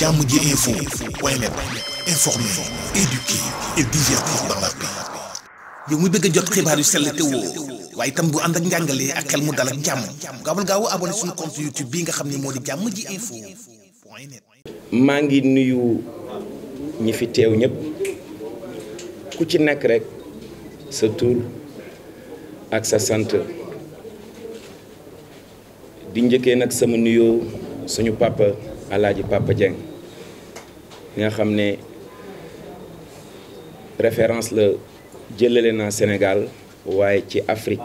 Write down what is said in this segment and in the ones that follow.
jàmm ji info point net yow mi bëgg a jot xibaar yu sell te woo waaye itam bu ànd ak njàngalee ak xel mu dal ak jàmm gaawal gaaw abonné suñu compte YouTube bii nga xam ne moo di jàmm ji info. maa ngi nuyu ñi fi teew ñëpp ku ci nekk rek sa tur ak sa sant di njëkkee nag sama nuyoo suñu papa alaaji papa Dieng. nga xam ne référence la jëlale na Sénégal waaye ci Afrique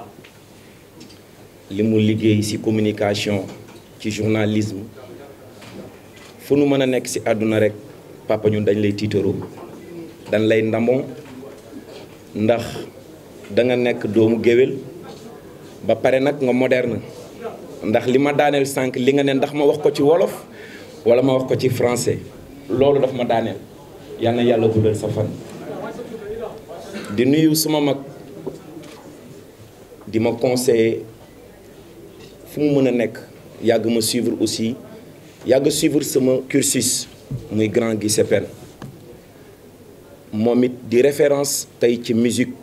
li mu liggéey ci communication ci journalisme fu nu mën a nekk ci àdduna rek papa ñun dañ lay tiitaroo dañ lay ndamoo ndax danga nekk doomu géwél ba pare nag nga moderne ndax li ma daaneel sànq li nga ne ndax ma wax ko ci wolof walla ma wax ko ci français loolu daf ma daaneel yal yàlla guddal sa fan di nuyu suma mag di ma conseiller fu mu mën a nekk yàgg ma suivre aussi yàgg suivre sama cursus muy grand Guy Sepène moom it di référence tey ci musique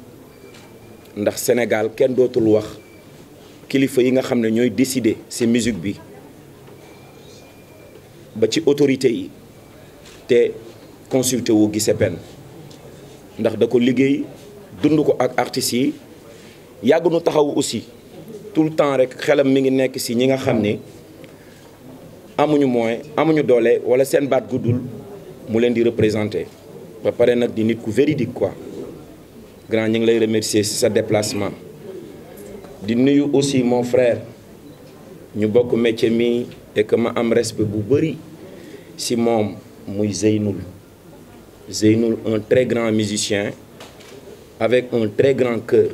ndax Sénégal kenn dootul wax kilifa yi nga xam ne ñooy décider ci musique bi ba ci autorité yi te consulté wu gise pen ndax da ko liggéey dund ko ak artistes yi yàgg nu taxaw aussi tout le temps rek xelam mi ngi nekk si ñi nga xam ni amuñu moyen amuñu doole wala seen baat guddul mu leen di représenté ba pare nag di nit ku véridique quoi grand ñu ngi lay remercier si sa déplacement di nuyu aussi moo frère ñu bokk métier mi et ma am respect bu bëri si moom muy Zeynoul Zeynoul un très grand musicien avec un très grand cœur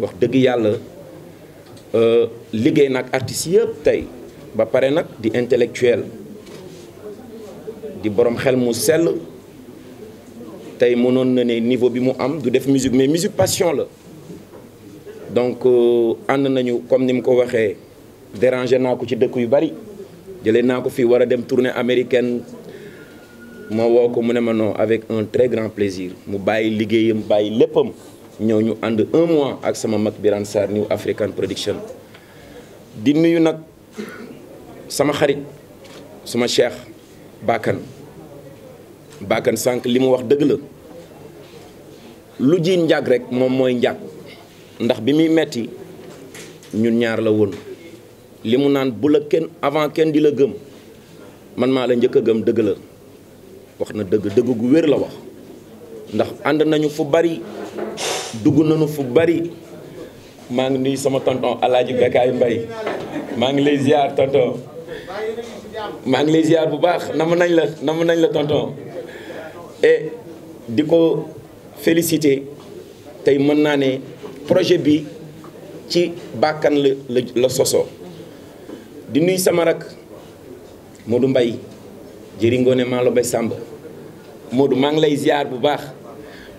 wax dëgg yàlla euh, liggéey nag artistes yëpp tey ba pare nag di intellectuel di boroom xel mu sell tey mënoon na ne niveau bi mu am du def musique mais musique passion la donc euh, ànd nañu comme ni mu ko waxee déranger naa ko ci dëkk yu bari jëlee naa ko fii war a dem tournée américaine ma woo ko mu ne ma non avec un très grand plaisir mu bàyyi liggéeyam bàyyi léppam ñëw ñu ànd un mois ak sama mag Birane Sarr New African Production di nuyu nag sama xarit suma cheikh Bakkan Bakkan sànq li mu wax dëgg la lu ji njàgg rek moom mooy njaag ndax bi muy metti ñun ñaar la woon li mu naan bu la kenn avant kenn di la gëm man maa la njëkk a gëm dëgg la wax na dëgg dëgg gu wér la wax ndax ànd nañu fu bari dugg nañu fu bari maa ngi nuyu sama tonton Alaaji Gakaay Mbay maa ngi lay ziar tonton maa ngi lay ziar bu baax nam nañ la nam nañ la tonton et di ko féliciter tey mën naa ne projet bi ci bàkkan la la sosoo di nuyu sama rak Modou Mbaye jëri ngoone maalo ba bay moo du maa ngi lay ziar bu baax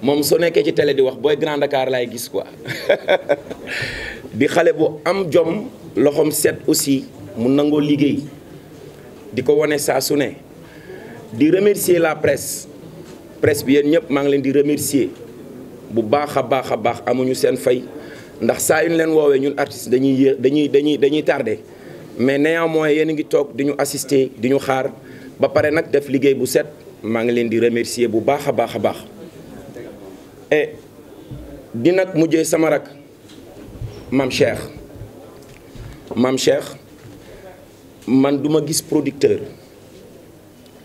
moom su nekkee ci tele di wax booy Grand Dakar laay gis quoi di xale bu am jom loxoom set aussi mu nangoo liggéey di ko wane saa su ne di remercier la presse press bi yéen ñëpp maa ngi leen di remercier bu baax a baax a baax amuñu seen fay ndax saa yu leen woowee ñun artistes dañuy yéex dañuy dañuy dañuy mais néanmoins yéen a ngi toog di ñu assister di ñu xaar. ba pare nag def liggéey bu set maa ngi leen di remercier bu baax a baax a baax et di nag mujjee sama rak mam Cheikh mam Cheikh man duma gis producteur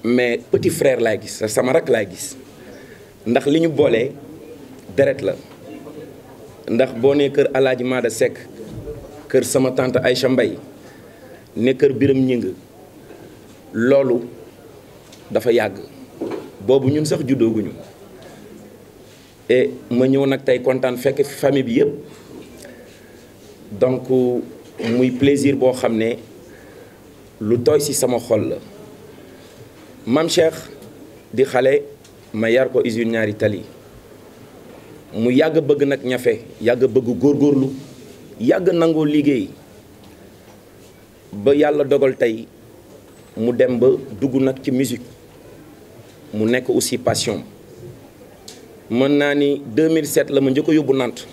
mais petit frère laay gis sama rak laay gis ndax li ñu boolee deret la ndax boo nee kër Alaaji Maada Seck kër sama tante Aïcha Mbaye ne kër Biram Ñing loolu dafa yàgg boobu ñun sax juddooguñu et ma ñëw nag tey kontaan fekk famille bi yëpp donc muy plaisir boo xam ne lu tooy ci sama xol la Mame Cheikh di xale ma yar ko usine ñaari tali mu yàgg bëgg nag ñafe yàgg bëgg góor góorlu yàgg nangoo liggéey ba yàlla dogal tey mu dem ba dugg nag ci musique mu nekk aussi passion mën naa ni 2007 la ma njëkk yóbbu Nantes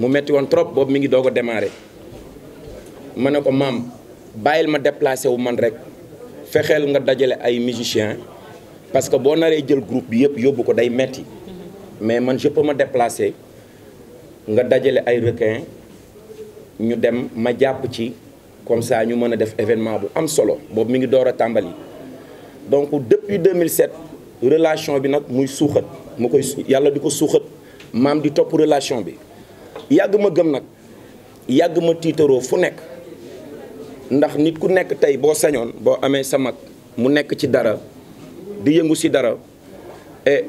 mu metti woon trop boobu mi ngi doog a démarrer ma ne ko maam bàyyil ma déplacé wu man rek fexeel nga dajale ay musiciens parce que boo naree jël groupe bi yëpp yóbbu ko day metti mais man je peux ma déplacer nga dajale ay requins ñu dem ma jàpp ci comme ça ñu mën a def événement bu am solo boobu mi ngi door a tàmbali. donc mille 2007 relation bi nag muy suuxat mu koy yàlla di ko suuxat maam di topp relation bi yàgg ma gëm nag yàgg ma tiitaroo fu nekk ndax nit ku nekk tey boo sañoon boo amee sa mag mu nekk ci dara di yëngu si dara e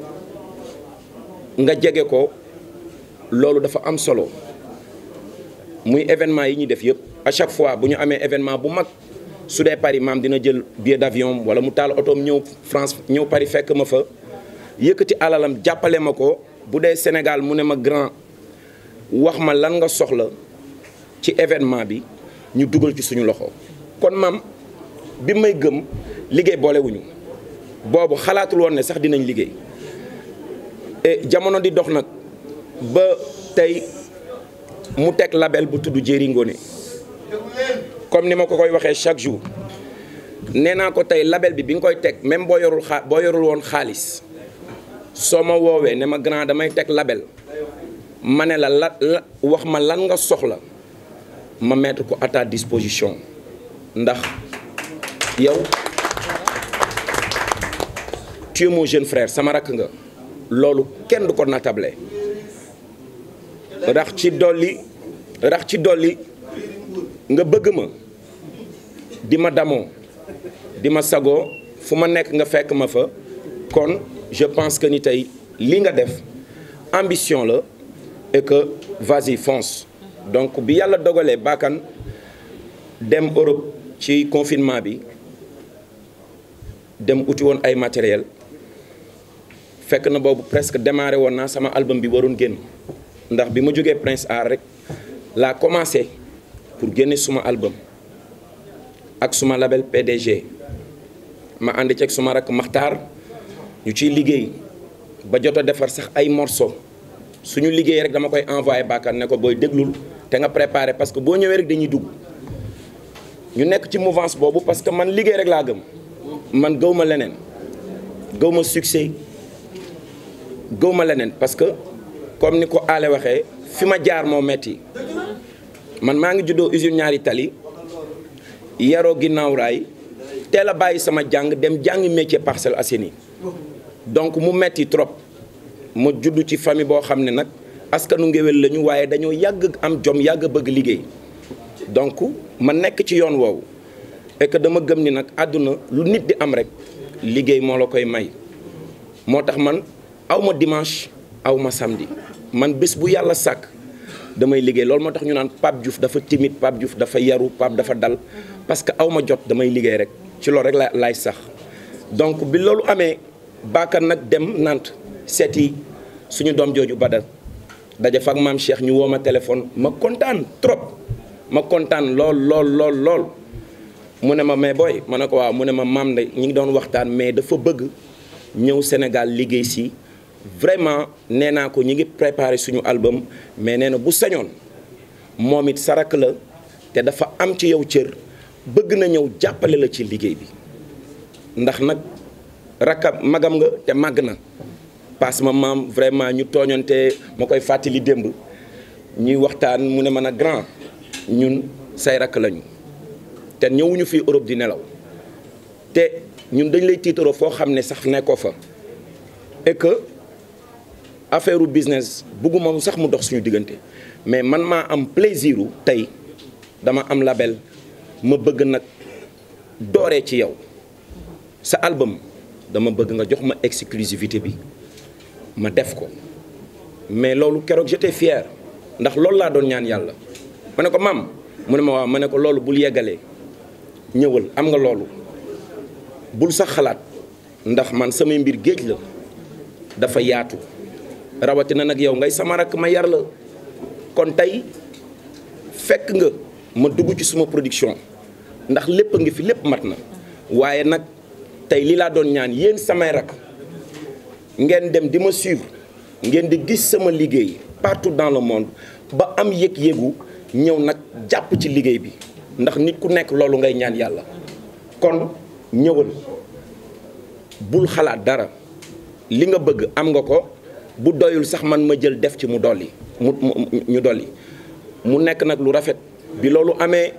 nga jege ko loolu dafa am solo muy événement yi ñuy def yëpp à chaque fois bu ñu amee événement bu mag su dee Paris maam dina jël billet d'avion wala mu taal otoom ñëw France ñëw Paris fekk ma fa yëkkati alalam jàppale ma ko bu dee Sénégal mu ne ma grand wax ma lan nga soxla ci événement bi ñu dugal ci suñu loxo. kon maam bi may gëm liggéey boolewuñu boobu xalaatul woon ne sax dinañ liggéey et jamono di dox nag ba tey mu teg label bu tudd Jéeri Ngoné comme ni ma ko koy waxee chaque jour nee naa ko tey label bi bi nga koy teg même boo yorul xaa boo yorul woon xaalis soo ma woowee ne ma grand damay teg label ma ne la la wax ma lan nga soxla ma mettre ko à ta disposition ndax yow tu es jeune frère sama rakk nga loolu kenn du ko natable rax ci dolli rax ci dolli nga bëgg ma di ma damoo di ma sagoo fu ma nekk nga fekk ma fa kon je pense que ni tey li nga def ambition la et que vas-y fonce donc bi yàlla dogalee baakan dem Europe ci confinement bi dem wuti woon ay matériel fekk na boobu presque démarré woon naa sama album bi waroon génn ndax bi ma jógee Prince Art rek laa commencé pour génne suma album ak suma label PDG ma ànd ceeg suma rakk maxtar ñu ciy liggéey ba jot a defar sax ay morso suñu liggéey rek dama koy envoyé Bakar ne ko booy déglul te nga préparé parce que boo ñëwee rek dañuy dugg ñu nekk ci mouvance boobu parce que man liggéey rek laa gëm man gëw ma leneen gëw ma succès gëw ma leneen parce que comme ni ko Ale waxee fi ma jaar moo metti man maa ngi juddoo usine ñaari tali yaroo ginnaaw raay teel a bàyyi sama jàng dem jàngi métier Parcelles Assainies donc mu metti trop ma juddu ci famille boo xam ne nag askanu ngéwél lañu waaye dañoo yàgg am jom yàgg bëgg liggéey donc ma nekk ci yoon woowu et dama gëm ni nag àdduna lu nit di am rek liggéey moo la koy may moo tax man awma dimanche awma samedi man bés bu yàlla sàkk damay liggéey loolu moo tax ñu naan Pape Diouf dafa timide Pape Diouf dafa yaru Pape dafa dal parce que aw ma jot damay liggéey rek ci loolu rek la laay sax donc bi loolu amee Bakar nag dem nant seeti suñu doom jooju Badal daje fa ak maam Cheikh ñu woo ma téléphone ma kontaan trop ma kontaan lool lool lool lool mu ne ma mais booy ma ne ko waaw mu ne ma maam nday ñu ngi doon waxtaan mais dafa bëgg ñëw Sénégal liggéey si vraiment nee naa ko ñi ngi préparé suñu album mais nee na bu sañoon moom it sa rakk la te dafa am ci yow cër bëgg na ñëw jàppale la ci liggéey bi ndax nag rakab magam nga te màgg na parce que ma maam vraiment ñu tooñante ma koy fàttali démb ñuy waxtaan mu ne mën a grand ñun say rakk lañu te ñëwuñu fii Europe di nelaw te ñun dañ lay tiitaroo foo xam ne sax nekkoo fa affaire business bugguma sax mu dox suñu diggante mais man maa am plaisir u tey dama am label ma bëgg nag dooree ci yow sa albam dama bëgg nga jox ma exclusivité bi ma def ko mais loolu keroog j'étais fier ndax loolu laa doon ñaan yàlla ma ne ko maam mu ne ma waaw ma ne ko loolu bul yeggalee ñëwal am nga loolu bul sax xalaat ndax man samay mbir géej la dafa yaatu rawatina nag yow ngay sama rakk ma yar la kon tey fekk nga ma dugg ci suma production ndax lépp a ngi fi lépp mat na waaye nag tey li laa doon ñaan yéen samay rakk ngeen dem di ma suivre ngeen di gis sama liggéey partout dans le monde ba am yëg-yëgu ñëw nag jàpp ci liggéey bi ndax nit ku nekk loolu ngay ñaan yàlla kon ñëwal bul xalaat dara li nga bëgg am nga ko bu doyul sax man ma jël def ci mu dolli mu ñu dolli mu nekk nag lu rafet bi loolu amee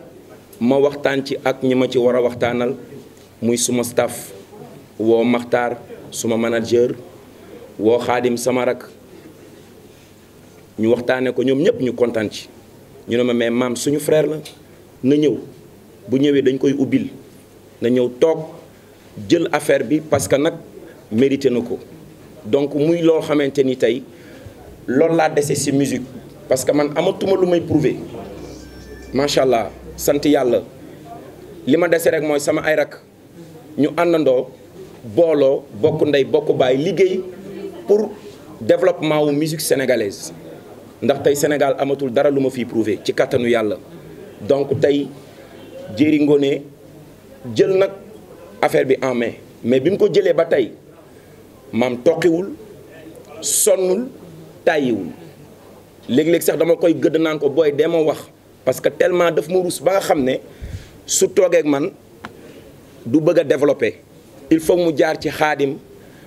ma waxtaan ci ak ñi ma ci war a waxtaanal muy suma staff woo Maxtaar suma manager woo Xaadim sama rak ñu waxtaanee ko ñoom ñëpp ñu kontaan ci ñu ne ma mais maam suñu frère la na ñëw bu ñëwee dañ koy ubbil na ñëw toog jël affaire bi parce que nag mérité na ko. donc muy loo xamante ni tey loolu laa dese si musique parce que man amatuma lu may prouver macha allah sant yàlla li ma dese rek mooy sama ay ñu àndandoo booloo bokk ndey bokk baay liggéey pour développement wu musique sénégalaise ndax tey Sénégal amatul dara lu ma fi prouver ci kattanu yàlla donc tey Jéeri Ngoné jël nag affaire bi en main mais bi mu ko jëlee ba tey maam toqiwul sonnul tàyyiwul léeg-léeg sax dama koy gëdd naan ko booy dee ma wax parce que tellement daf ma ruus ba nga xam ne su toogeek man du bëgg a développer il faut mu jaar ci xaadim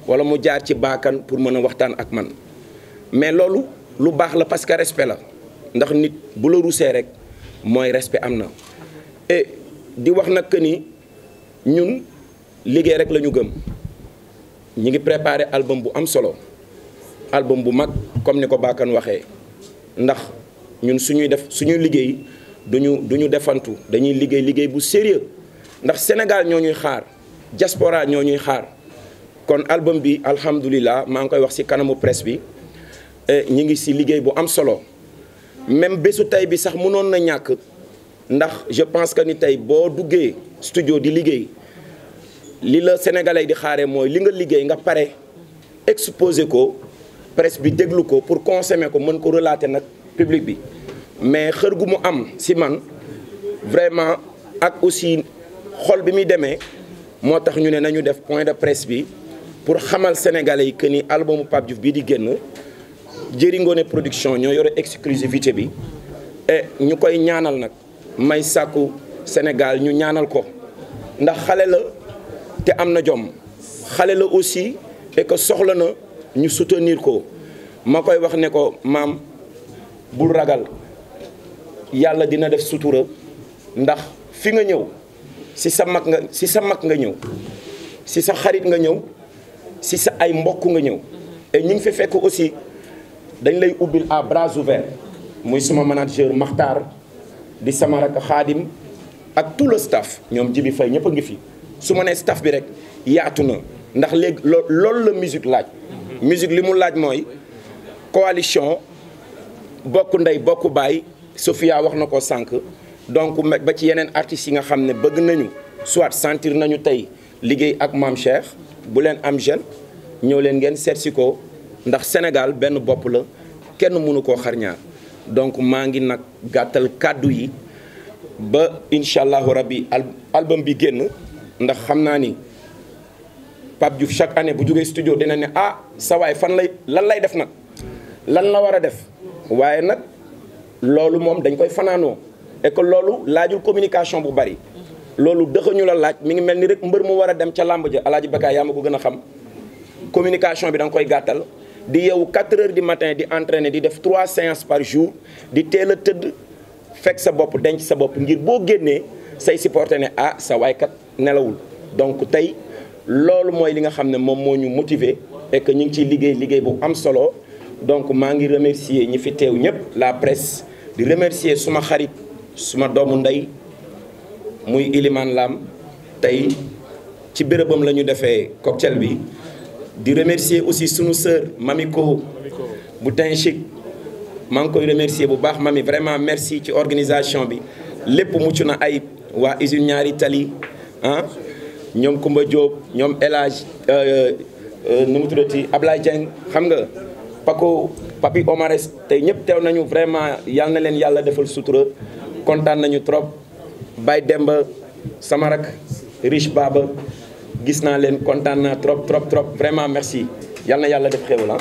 wala mu jaar ci baakan pour mën a waxtaan ak man mais loolu lu baax la parce que respect la ndax nit bu la ruusee rek mooy respe am na et di wax nag ni ñun liggéey rek la ñu gëm ñi ngi préparé album bu am solo album bu mag comme ni ko Bakane waxee ndax ñun suñuy def suñuy liggéey duñu duñu defantu dañuy liggéey liggéey bu sérieux ndax Sénégal ñoo ñuy xaar diaspora ñoo ñuy xaar kon album bi alhamdulilah maa ngi koy wax ci kanamu presse bi eh, ñi ngi si liggéey bu am solo même bésu tey bi sax munoon na ñàkk ndax je pense que ni tey boo duggee studio di liggéey li la sénégalais di xaaree mooy li nga liggéey nga pare exposé ko presse bi déglu ko pour consommer ko mën ko relater nag public bi mais xër gu mu am si man vraiment ak aussi xol bi muy demee moo tax ñu ne nañu def point de presse bi pour xamal sénégalais yi que ni albumu Pape Diouf bii di génn Jëri ngoone production ñoo yore exclusivité bi et ñu koy ñaanal nag may sàkku Sénégal ñu ñaanal ko ndax xale la. te am na jom xale la aussi et que soxla na ñu soutenir ko ma koy wax ne ko maam bul ragal yàlla dina def sutura ndax fi nga ñëw si sa mag nga si sa mag nga ñëw si sa xarit nga ñëw si sa ay mbokk nga ñëw et ñu ngi fi fekk aussi dañ lay ubbil à bras ouverts muy suma manager Makhtar di sama rakk Xaadim ak tout le staff ñoom Jibi Fay ñëpp a ngi fi su ma nee staff bi rek yaatu na ndax léegi loo la musique laaj. musique li mu laaj mooy coalition bokk ndey bokk baay Sofia wax na ko sànq donc ba ci yeneen artistes yi nga xam ne bëgg nañu soit sentir nañu tey liggéey ak maam Cheikh bu leen am jeune ñëw leen ngeen seet si ko ndax Sénégal benn bopp la kenn mënu koo xar ñaar donc maa ngi nag gàttal kàddu yi ba incha allahu rabbi album bi génn. ndax xam naa ni Pape Diouf chaque année bu jugee studio dina ne ah sawaay fan lay lan lay def nag lan la war a def waaye nag loolu moom dañ koy fanaanoo et loolu laajul communication bu bari loolu dëxëñu la laaj mi ngi mel ni rek mbër mu war a dem ca làmb ja alaaji Bakay yaa ma ko gën a xam communication bi da nga koy gàttal di yeewu quatre heures du matin di entraîner di def 3 séances par jour di teel a tëdd fekk sa bopp denc sa bopp ngir boo génnee say supporter ah sa waaykat nelawul donc tey loolu mooy li nga xam ne moom moo ñu motiver et que ñu ngi ciy liggéey liggéey bu am solo donc maa ngi remercier ñi fi teew ñëpp la presse di remercier suma xarit suma doomu ndey muy Iliman Lam tey ci bérébam la ñu defee cocktail bi di remercier aussi sunu sœur Mami Ko bu Tain Chic maa ngi koy remercier bu baax Mami vraiment merci ci organisation bi lépp mucc na ayib waa usine ñaari tali ah ñoom Kumba Diop ñoom El Hadj euh, euh, nu mu tuddati Ablaye Dieng xam nga pako Papi Omares tey ñëpp teew nañu vraiment yal na leen yàlla defal sutura kontaan nañu trop Baye Demba sama rak Riche Baba gis naa leen kontaan naa trop trop trop vraiment merci yàlla na yàlla def xéewal ah